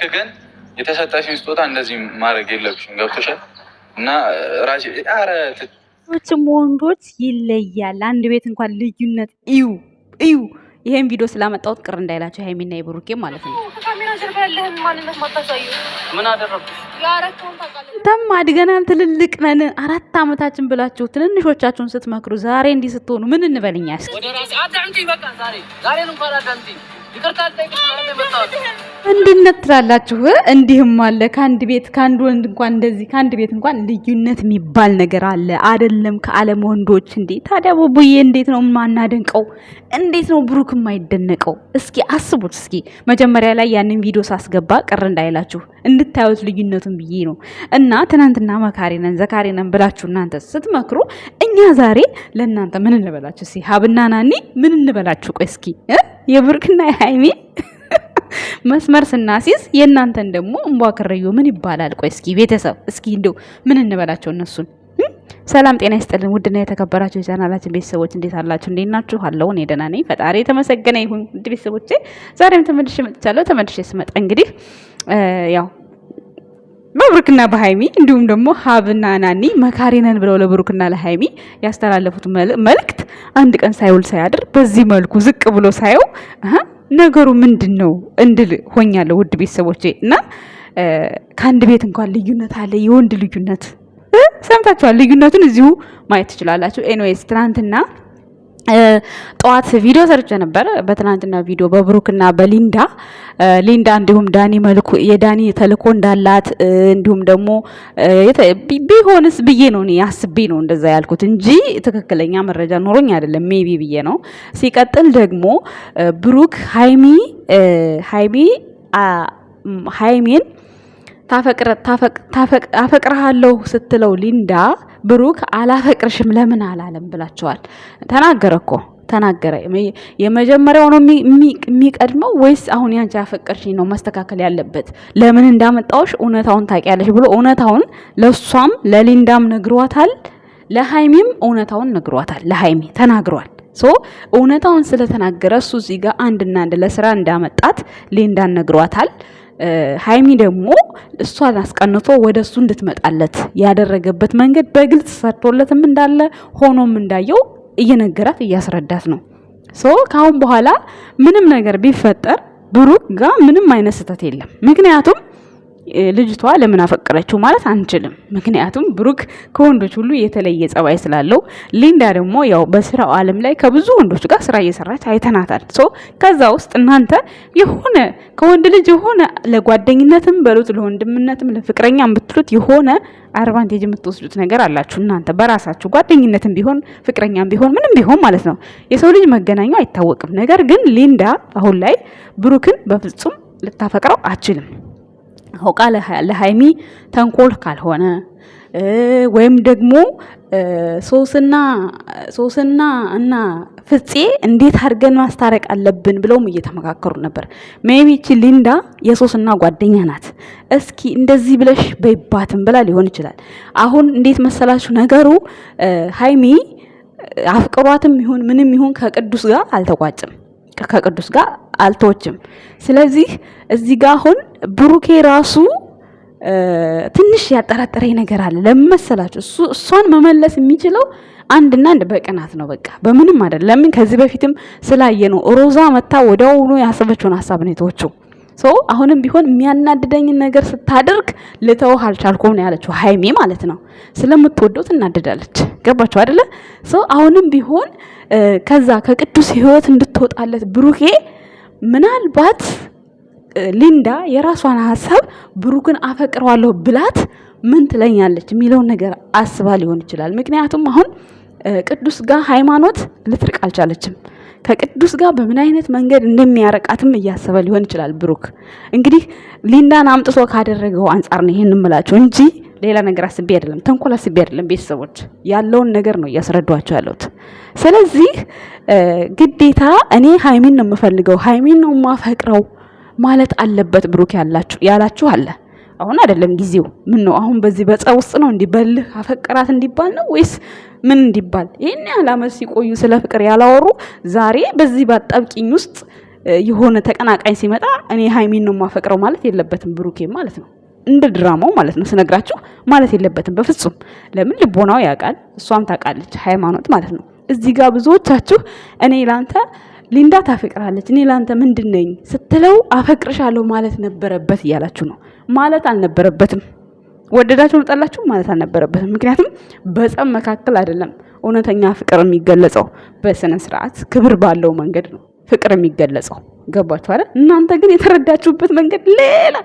ልክ ግን የተሰጠሽን ስጦታ እንደዚህ ማድረግ የለብሽም። ገብቶሻል? እና ራሴ ኧረ ወንዶች ይለያል። አንድ ቤት እንኳን ልዩነት እዩ እዩ። ይሄን ቪዲዮ ስላመጣሁት ቅር እንዳይላቸው ሀይሚና የብሩኬ ማለት ነው። ተም አድገናል፣ ትልልቅ ነን፣ አራት አመታችን ብላችሁ ትንንሾቻችሁን ስትመክሩ ዛሬ እንዲህ ስትሆኑ ምን እንበልኛ እስኪ እንድነት ትላላችሁ። እንዲህም አለ ከአንድ ቤት ከአንድ ወንድ እንኳን እንደዚህ ከአንድ ቤት እንኳን ልዩነት የሚባል ነገር አለ አይደለም? ከአለም ወንዶች እንዴ! ታዲያ ቡቡዬ እንዴት ነው ማናደንቀው? እንዴት ነው ብሩክ የማይደነቀው? እስኪ አስቡት። እስኪ መጀመሪያ ላይ ያንን ቪዲዮ ሳስገባ ቅር እንዳይላችሁ እንድታዩት ልዩነቱን ብዬ ነው። እና ትናንትና መካሪ ነን ዘካሪ ነን ብላችሁ እናንተ ስትመክሩ እኛ ዛሬ ለእናንተ ምን እንበላችሁ? እስኪ ሀብና ናኒ ምን እንበላችሁ? ቆይ እስኪ የብሩክና የሀይሚ መስመር ስናሲዝ የእናንተን ደግሞ እንቧ ምን ይባላል? ቆይ እስኪ ቤተሰብ እስኪ እንደው ምን እንበላቸው እነሱን። ሰላም ጤና ይስጥልን ውድና የተከበራችሁ የቻናላችን ቤተሰቦች እንዴት አላችሁ? እንዴት ናችሁ? አለው እኔ ደህና ነኝ፣ ፈጣሪ የተመሰገነ ይሁን። ውድ ቤተሰቦቼ ዛሬም ተመልሼ መጥቻለሁ። ተመልሼ ስመጣ እንግዲህ ያው በብሩክና በሀይሚ እንዲሁም ደግሞ ሀብና ናኒ መካሪነን ብለው ለብሩክና ለሀይሚ ያስተላለፉት መልእክት አንድ ቀን ሳይውል ሳያድር በዚህ መልኩ ዝቅ ብሎ ሳየው ነገሩ ምንድን ነው እንድል ሆኛለሁ ውድ ቤተሰቦቼ። እና ከአንድ ቤት እንኳን ልዩነት አለ፣ የወንድ ልዩነት ሰምታችኋል። ልዩነቱን እዚሁ ማየት ትችላላችሁ። ኤንዌይስ ትናንትና ጠዋት ቪዲዮ ሰርቼ ነበረ። በትናንትና ቪዲዮ በብሩክና በሊንዳ ሊንዳ እንዲሁም ዳኒ መልኩ የዳኒ ተልኮ እንዳላት እንዲሁም ደግሞ ቢሆንስ ብዬ ነው እኔ አስቤ ነው እንደዛ ያልኩት እንጂ ትክክለኛ መረጃ ኖሮኝ አይደለም፣ ሜቢ ብዬ ነው። ሲቀጥል ደግሞ ብሩክ ሀይሚ ሀይሚ ሀይሚን ታፈቅረሃለሁ ስትለው ሊንዳ ብሩክ አላፈቅርሽም ለምን አላለም ብላቸዋል። ተናገረ እኮ ተናገረ። የመጀመሪያው ነው የሚቀድመው ወይስ አሁን ያንቺ አፈቅርሽ ነው መስተካከል ያለበት? ለምን እንዳመጣውሽ እውነታውን ታውቂያለሽ ብሎ እውነታውን ለእሷም ለሊንዳም ነግሯታል። ለሃይሚም እውነታውን ነግሯታል። ለሃይሚ ተናግሯል። ሶ እውነታውን ስለተናገረ እሱ እዚህ ጋር አንድና አንድ ለስራ እንዳመጣት ሊንዳን ነግሯታል። ሀይሚ ደግሞ እሷን አስቀንቶ ወደ እሱ እንድትመጣለት ያደረገበት መንገድ በግልጽ ሰርቶለትም እንዳለ ሆኖም እንዳየው እየነገራት እያስረዳት ነው። ሶ ከአሁን በኋላ ምንም ነገር ቢፈጠር ብሩክ ጋር ምንም አይነት ስህተት የለም። ምክንያቱም ልጅቷ ለምን አፈቀረችው ማለት አንችልም። ምክንያቱም ብሩክ ከወንዶች ሁሉ የተለየ ጸባይ ስላለው፣ ሊንዳ ደግሞ ያው በስራው ዓለም ላይ ከብዙ ወንዶች ጋር ስራ እየሰራች አይተናታል። ሶ ከዛ ውስጥ እናንተ የሆነ ከወንድ ልጅ የሆነ ለጓደኝነትም በሉት ለወንድምነትም ለፍቅረኛ ብትሉት የሆነ አድቫንቴጅ የምትወስዱት ነገር አላችሁ እናንተ በራሳችሁ ጓደኝነትም ቢሆን ፍቅረኛም ቢሆን ምንም ቢሆን ማለት ነው። የሰው ልጅ መገናኛው አይታወቅም። ነገር ግን ሊንዳ አሁን ላይ ብሩክን በፍጹም ልታፈቅረው አችልም። ሆቃ ለሀይሚ ተንኮል ካልሆነ ወይም ደግሞ ሶስና ሶስና እና ፍፄ እንዴት አድርገን ማስታረቅ አለብን ብለውም እየተመካከሩ ነበር። ሜቢች ሊንዳ የሶስና ጓደኛ ናት። እስኪ እንደዚህ ብለሽ በይባትም ብላ ሊሆን ይችላል። አሁን እንዴት መሰላችሁ ነገሩ ሀይሚ አፍቅሯትም ይሁን ምንም ይሁን ከቅዱስ ጋር አልተቋጭም። ከቅዱስ ጋር አልተወችም። ስለዚህ እዚህ ጋር አሁን ብሩኬ ራሱ ትንሽ ያጠራጠረኝ ነገር አለ። ለምን መሰላችሁ? እሷን መመለስ የሚችለው አንድና አንድ በቅናት ነው። በቃ በምንም አይደለም። ለምን ከዚህ በፊትም ስላየ ነው። ሮዛ መታ ወዲያውኑ ያሰበችውን ሀሳብ ነው የተወችው። ሰው አሁንም ቢሆን የሚያናድደኝን ነገር ስታደርግ ልተውህ አልቻልኩም ነው ያለችው። ሀይሜ ማለት ነው ስለምትወደው ትናደዳለች። ገባችሁ አይደለ? ሰው አሁንም ቢሆን ከዛ ከቅዱስ ህይወት እንድትወጣለት ብሩኬ ምናልባት ሊንዳ የራሷን ሀሳብ ብሩክን አፈቅረዋለሁ ብላት ምን ትለኛለች የሚለውን ነገር አስባ ሊሆን ይችላል። ምክንያቱም አሁን ቅዱስ ጋር ሃይማኖት ልትርቅ አልቻለችም። ከቅዱስ ጋር በምን አይነት መንገድ እንደሚያረቃትም እያሰበ ሊሆን ይችላል ብሩክ። እንግዲህ ሊንዳን አምጥቶ ካደረገው አንጻር ነው ይህን እምላቸው እንጂ ሌላ ነገር አስቤ አይደለም፣ ተንኮል አስቤ አይደለም። ቤተሰቦች ያለውን ነገር ነው እያስረዷቸው ያለሁት። ስለዚህ ግዴታ እኔ ሀይሚን ነው የምፈልገው ሀይሚን ነው የማፈቅረው ማለት አለበት። ብሩክ ያላችሁ ያላችሁ አለ። አሁን አይደለም ጊዜው። ምን ነው አሁን በዚህ በጸብ ውስጥ ነው እንዲበልህ አፈቅራት እንዲባል ነው ወይስ ምን እንዲባል? ይህን ያህል አመት ሲቆዩ ስለ ፍቅር ያላወሩ ዛሬ በዚህ በአጣብቂኝ ውስጥ የሆነ ተቀናቃኝ ሲመጣ እኔ ሀይሚን ነው የማፈቅረው ማለት የለበትም ብሩኬ ማለት ነው። እንደ ድራማው ማለት ነው ስነግራችሁ ማለት የለበትም በፍጹም። ለምን ልቦናው ያውቃል፣ እሷም ታውቃለች፣ ሃይማኖት ማለት ነው። እዚህ ጋር ብዙዎቻችሁ እኔ ላንተ ሊንዳ ታፈቅራለች እኔ ላንተ ምንድን ነኝ ስትለው አፈቅርሻለሁ ማለት ነበረበት እያላችሁ ነው። ማለት አልነበረበትም። ወደዳችሁ መጣላችሁ ማለት አልነበረበትም። ምክንያቱም በጸም መካከል አይደለም እውነተኛ ፍቅር የሚገለጸው፣ በስነ ስርዓት ክብር ባለው መንገድ ነው ፍቅር የሚገለጸው። ገባችሁ አይደል? እናንተ ግን የተረዳችሁበት መንገድ ሌላ።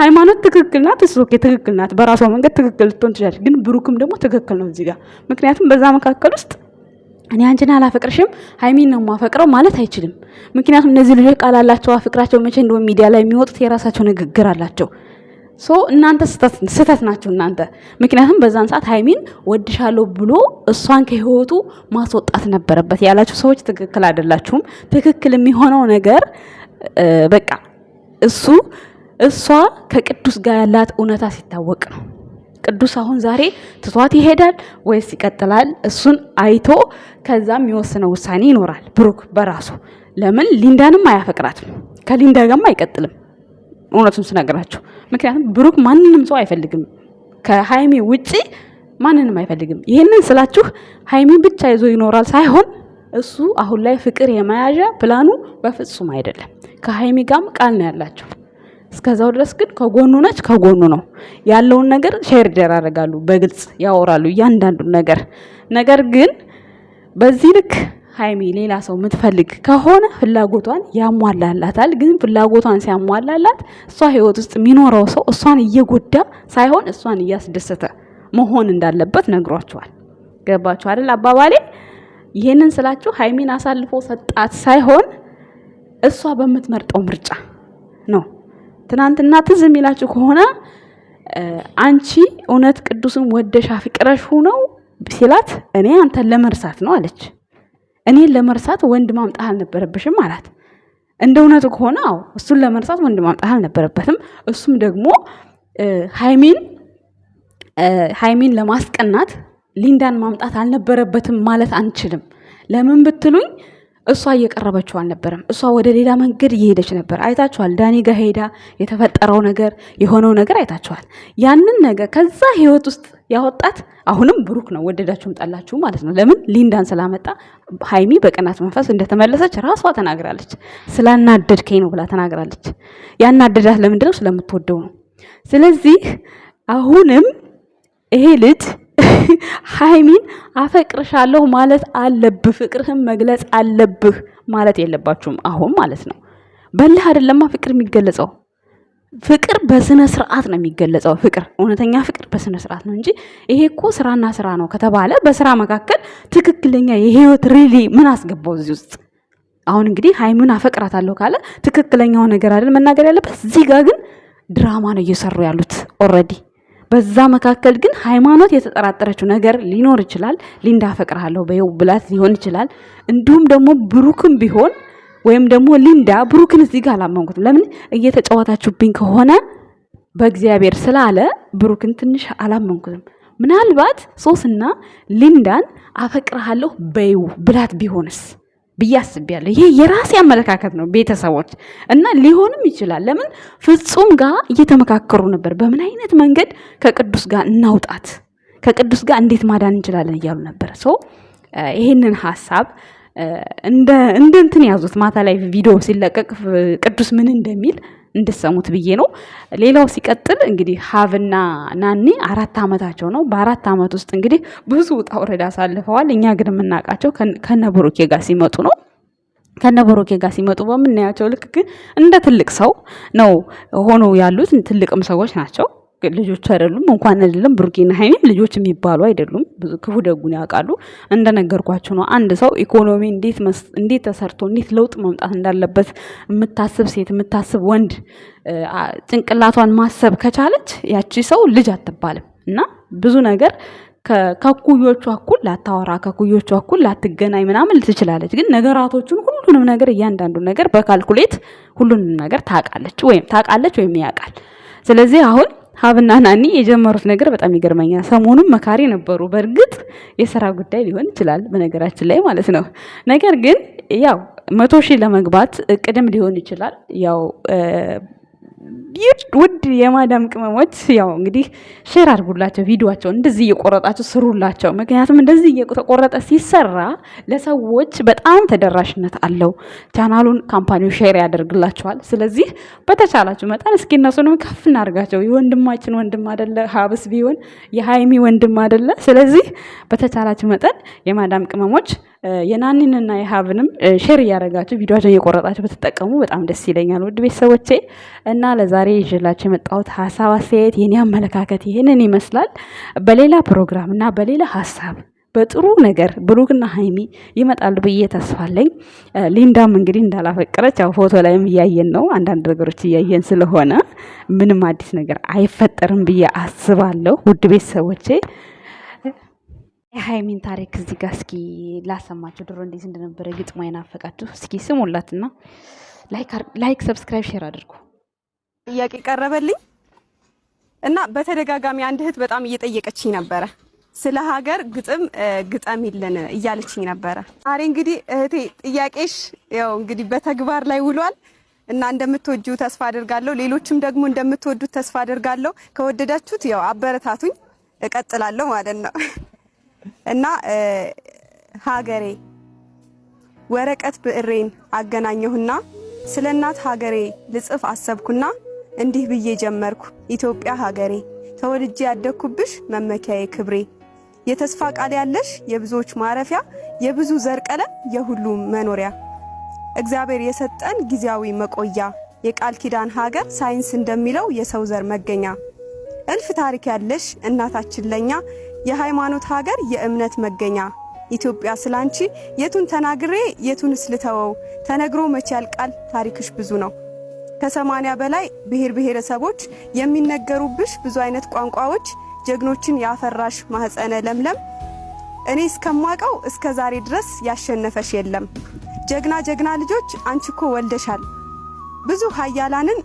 ሃይማኖት ትክክል ናት፣ እሱ ኦኬ ትክክል ናት፣ በራሷ መንገድ ትክክል ልትሆን ትችላለች። ግን ብሩክም ደግሞ ትክክል ነው እዚህ ጋር ምክንያቱም በዛ መካከል ውስጥ እኔ አንቺን አላፈቅርሽም ሀይሚን ነው የማፈቅረው ማለት አይችልም። ምክንያቱም እነዚህ ልጆች ቃል አላቸው፣ አፍቅራቸው መቼ እንደሆነ ሚዲያ ላይ የሚወጡት የራሳቸው ንግግር አላቸው። ሶ እናንተ ስህተት ናችሁ እናንተ። ምክንያቱም በዛን ሰዓት ሀይሚን ወድሻለሁ ብሎ እሷን ከህይወቱ ማስወጣት ነበረበት ያላችሁ ሰዎች ትክክል አይደላችሁም። ትክክል የሚሆነው ነገር በቃ እሱ እሷ ከቅዱስ ጋር ያላት እውነታ ሲታወቅ ነው። ቅዱስ አሁን ዛሬ ትቷት ይሄዳል ወይስ ይቀጥላል? እሱን አይቶ ከዛም የሚወስነው ውሳኔ ይኖራል። ብሩክ በራሱ ለምን ሊንዳንም አያፈቅራትም፣ ከሊንዳ ጋርም አይቀጥልም። እውነቱን ስነግራችሁ ምክንያቱም ብሩክ ማንንም ሰው አይፈልግም ከሃይሚ ውጪ ማንንም አይፈልግም። ይህንን ስላችሁ ሃይሚ ብቻ ይዞ ይኖራል ሳይሆን እሱ አሁን ላይ ፍቅር የመያዣ ፕላኑ በፍጹም አይደለም። ከሃይሚ ጋርም ቃል ነው ያላቸው እስከዛው ድረስ ግን ከጎኑ ነች፣ ከጎኑ ነው ያለውን ነገር ሼር ይደራረጋሉ፣ በግልጽ ያወራሉ እያንዳንዱን ነገር። ነገር ግን በዚህ ልክ ሀይሚ ሌላ ሰው የምትፈልግ ከሆነ ፍላጎቷን ያሟላላታል። ግን ፍላጎቷን ሲያሟላላት እሷ ህይወት ውስጥ የሚኖረው ሰው እሷን እየጎዳ ሳይሆን እሷን እያስደሰተ መሆን እንዳለበት ነግሯቸዋል። ገባችሁ አይደል አባባሌ? ይህንን ስላችሁ ሀይሚን አሳልፎ ሰጣት ሳይሆን እሷ በምትመርጠው ምርጫ ነው ትናንትና ትዝ የሚላችሁ ከሆነ አንቺ እውነት ቅዱስን ወደሻ ፍቅረሽ ሁነው ሲላት እኔ አንተን ለመርሳት ነው አለች። እኔን ለመርሳት ወንድ ማምጣት አልነበረብሽም አላት። እንደ እውነቱ ከሆነ አዎ እሱን ለመርሳት ወንድ ማምጣት አልነበረበትም። እሱም ደግሞ ሃይሚን ሃይሚን ለማስቀናት ሊንዳን ማምጣት አልነበረበትም ማለት አንችልም። ለምን ብትሉኝ እሷ እየቀረበችው አልነበረም። እሷ ወደ ሌላ መንገድ እየሄደች ነበር። አይታችኋል። ዳኒ ጋ ሄዳ የተፈጠረው ነገር የሆነው ነገር አይታችኋል። ያንን ነገር ከዛ ህይወት ውስጥ ያወጣት አሁንም ብሩክ ነው። ወደዳችሁም ጠላችሁ ማለት ነው። ለምን ሊንዳን ስላመጣ ሀይሚ በቅናት መንፈስ እንደተመለሰች ራሷ ተናግራለች። ስላናደድከኝ ነው ብላ ተናግራለች። ያናደዳት ለምንድነው? ስለምትወደው ነው። ስለዚህ አሁንም ይሄ ልጅ ሀይሚን አፈቅርሻለሁ ማለት አለብህ፣ ፍቅርህን መግለጽ አለብህ ማለት የለባችሁም። አሁን ማለት ነው በልህ አይደለማ ፍቅር የሚገለጸው ፍቅር በስነ ስርዓት ነው የሚገለጸው። ፍቅር እውነተኛ ፍቅር በስነ ስርዓት ነው እንጂ ይሄ እኮ ስራና ስራ ነው ከተባለ በስራ መካከል ትክክለኛ የህይወት ሪሊ ምን አስገባው እዚህ ውስጥ? አሁን እንግዲህ ሀይሚን አፈቅራታለሁ ካለ ትክክለኛው ነገር አይደል መናገር ያለበት። እዚህ ጋር ግን ድራማ ነው እየሰሩ ያሉት ኦልሬዲ በዛ መካከል ግን ሃይማኖት የተጠራጠረችው ነገር ሊኖር ይችላል። ሊንዳ አፈቅርሃለሁ በይው ብላት ሊሆን ይችላል። እንዲሁም ደግሞ ብሩክም ቢሆን ወይም ደግሞ ሊንዳ ብሩክን እዚህ ጋር አላመንኩትም። ለምን እየተጫወታችሁብኝ ከሆነ በእግዚአብሔር ስላለ ብሩክን ትንሽ አላመንኩትም። ምናልባት ሶስና ሊንዳን አፈቅርሃለሁ በይው ብላት ቢሆንስ ብዬ አስቤያለሁ። ይሄ የራሴ አመለካከት ነው ቤተሰቦች፣ እና ሊሆንም ይችላል። ለምን ፍጹም ጋር እየተመካከሩ ነበር። በምን አይነት መንገድ ከቅዱስ ጋር እናውጣት፣ ከቅዱስ ጋር እንዴት ማዳን እንችላለን እያሉ ነበር። ሰው ይሄንን ሀሳብ እንደ እንትን ያዙት። ማታ ላይ ቪዲዮ ሲለቀቅ ቅዱስ ምን እንደሚል እንድሰሙት ብዬ ነው። ሌላው ሲቀጥል እንግዲህ ሀብና ናኒ አራት ዓመታቸው ነው። በአራት ዓመት ውስጥ እንግዲህ ብዙ ውጣ ውረድ አሳልፈዋል። እኛ ግን የምናውቃቸው ከነ ጋር ሲመጡ ነው ከነ ብሩኬ ጋር ሲመጡ በምናያቸው ልክ ግን እንደ ትልቅ ሰው ነው ሆኖ ያሉት። ትልቅም ሰዎች ናቸው። ልጆች አይደሉም እንኳን አይደለም ብሩኬና ሀይሚም ልጆች የሚባሉ አይደሉም። ብዙ ክፉ ደጉን ያውቃሉ። እንደነገርኳቸው ነው። አንድ ሰው ኢኮኖሚ እንዴት ተሰርቶ እንዴት ለውጥ መምጣት እንዳለበት የምታስብ ሴት የምታስብ ወንድ ጭንቅላቷን ማሰብ ከቻለች ያቺ ሰው ልጅ አትባልም እና ብዙ ነገር ከኩዮቿ እኩል ላታወራ ከኩዮቹ እኩል ላትገናኝ ምናምን ትችላለች። ግን ነገራቶቹን ሁሉንም ነገር እያንዳንዱ ነገር በካልኩሌት ሁሉንም ነገር ታውቃለች ወይም ታውቃለች ወይም ያውቃል። ስለዚህ አሁን ሀብና ናኒ የጀመሩት ነገር በጣም ይገርመኛል። ሰሞኑን መካሪ ነበሩ። በእርግጥ የስራ ጉዳይ ሊሆን ይችላል በነገራችን ላይ ማለት ነው። ነገር ግን ያው መቶ ሺህ ለመግባት እቅድም ሊሆን ይችላል ያው ውድ የማዳም ቅመሞች ያው እንግዲህ ሼር አድርጉላቸው፣ ቪዲዮቸው እንደዚህ እየቆረጣቸው ስሩላቸው። ምክንያቱም እንደዚህ እየተቆረጠ ሲሰራ ለሰዎች በጣም ተደራሽነት አለው። ቻናሉን ካምፓኒው ሼር ያደርግላቸዋል። ስለዚህ በተቻላችሁ መጠን እስኪ እነሱንም ከፍ እናድርጋቸው። የወንድማችን ወንድም አደለ ሀብስ ቢሆን የሀይሚ ወንድም አደለ። ስለዚህ በተቻላችሁ መጠን የማዳም ቅመሞች የናኒንና የሀብንም ሼር እያደረጋቸው ቪዲዮቸውን እየቆረጣችሁ ብትጠቀሙ በጣም ደስ ይለኛል፣ ውድ ቤተሰቦቼ እና ለዛሬ ይዤላችሁ የመጣሁት ሀሳብ አስተያየት፣ የኔ አመለካከት ይህንን ይመስላል። በሌላ ፕሮግራም እና በሌላ ሀሳብ በጥሩ ነገር ብሩክና ሀይሚ ይመጣሉ ብዬ ተስፋለኝ። ሊንዳም እንግዲህ እንዳላፈቀረች ያው ፎቶ ላይም እያየን ነው። አንዳንድ ነገሮች እያየን ስለሆነ ምንም አዲስ ነገር አይፈጠርም ብዬ አስባለሁ። ውድ ቤተሰቦቼ የሀይሚን ታሪክ እዚህ ጋር እስኪ ላሰማችሁ። ድሮ እንዴት እንደነበረ ግጥሟ ይናፈቃችሁ። እስኪ ስሙላትና ላይክ፣ ሰብስክራይብ፣ ሼር አድርጉ። ጥያቄ ቀረበልኝ እና በተደጋጋሚ አንድ እህት በጣም እየጠየቀችኝ ነበረ ስለ ሀገር ግጥም ይለን እያለችኝ ነበረ። ዛሬ እንግዲህ እህቴ ጥያቄሽ ያው እንግዲህ በተግባር ላይ ውሏል እና እንደምትወጁ ተስፋ አድርጋለሁ። ሌሎችም ደግሞ እንደምትወዱት ተስፋ አድርጋለሁ። ከወደዳችሁት ያው አበረታቱኝ፣ እቀጥላለሁ ማለት ነው። እና ሀገሬ ወረቀት ብዕሬን አገናኘሁና ስለ እናት ሀገሬ ልጽፍ አሰብኩና እንዲህ ብዬ ጀመርኩ። ኢትዮጵያ ሀገሬ ተወልጄ ያደግኩብሽ መመኪያዬ ክብሬ፣ የተስፋ ቃል ያለሽ የብዙዎች ማረፊያ፣ የብዙ ዘር ቀለም የሁሉ መኖሪያ፣ እግዚአብሔር የሰጠን ጊዜያዊ መቆያ፣ የቃል ኪዳን ሀገር ሳይንስ እንደሚለው የሰው ዘር መገኛ እልፍ ታሪክ ያለሽ እናታችን ለኛ የሃይማኖት ሀገር፣ የእምነት መገኛ ኢትዮጵያ ስላንቺ የቱን ተናግሬ የቱን ስልተወው ተነግሮ መቼ ያልቃል ታሪክሽ ብዙ ነው። ከሰማንያ በላይ ብሔር ብሔረሰቦች የሚነገሩብሽ ብዙ አይነት ቋንቋዎች፣ ጀግኖችን ያፈራሽ ማህፀነ ለምለም እኔ እስከማውቀው እስከ ዛሬ ድረስ ያሸነፈሽ የለም። ጀግና ጀግና ልጆች አንቺ እኮ ወልደሻል ብዙ ሀያላንን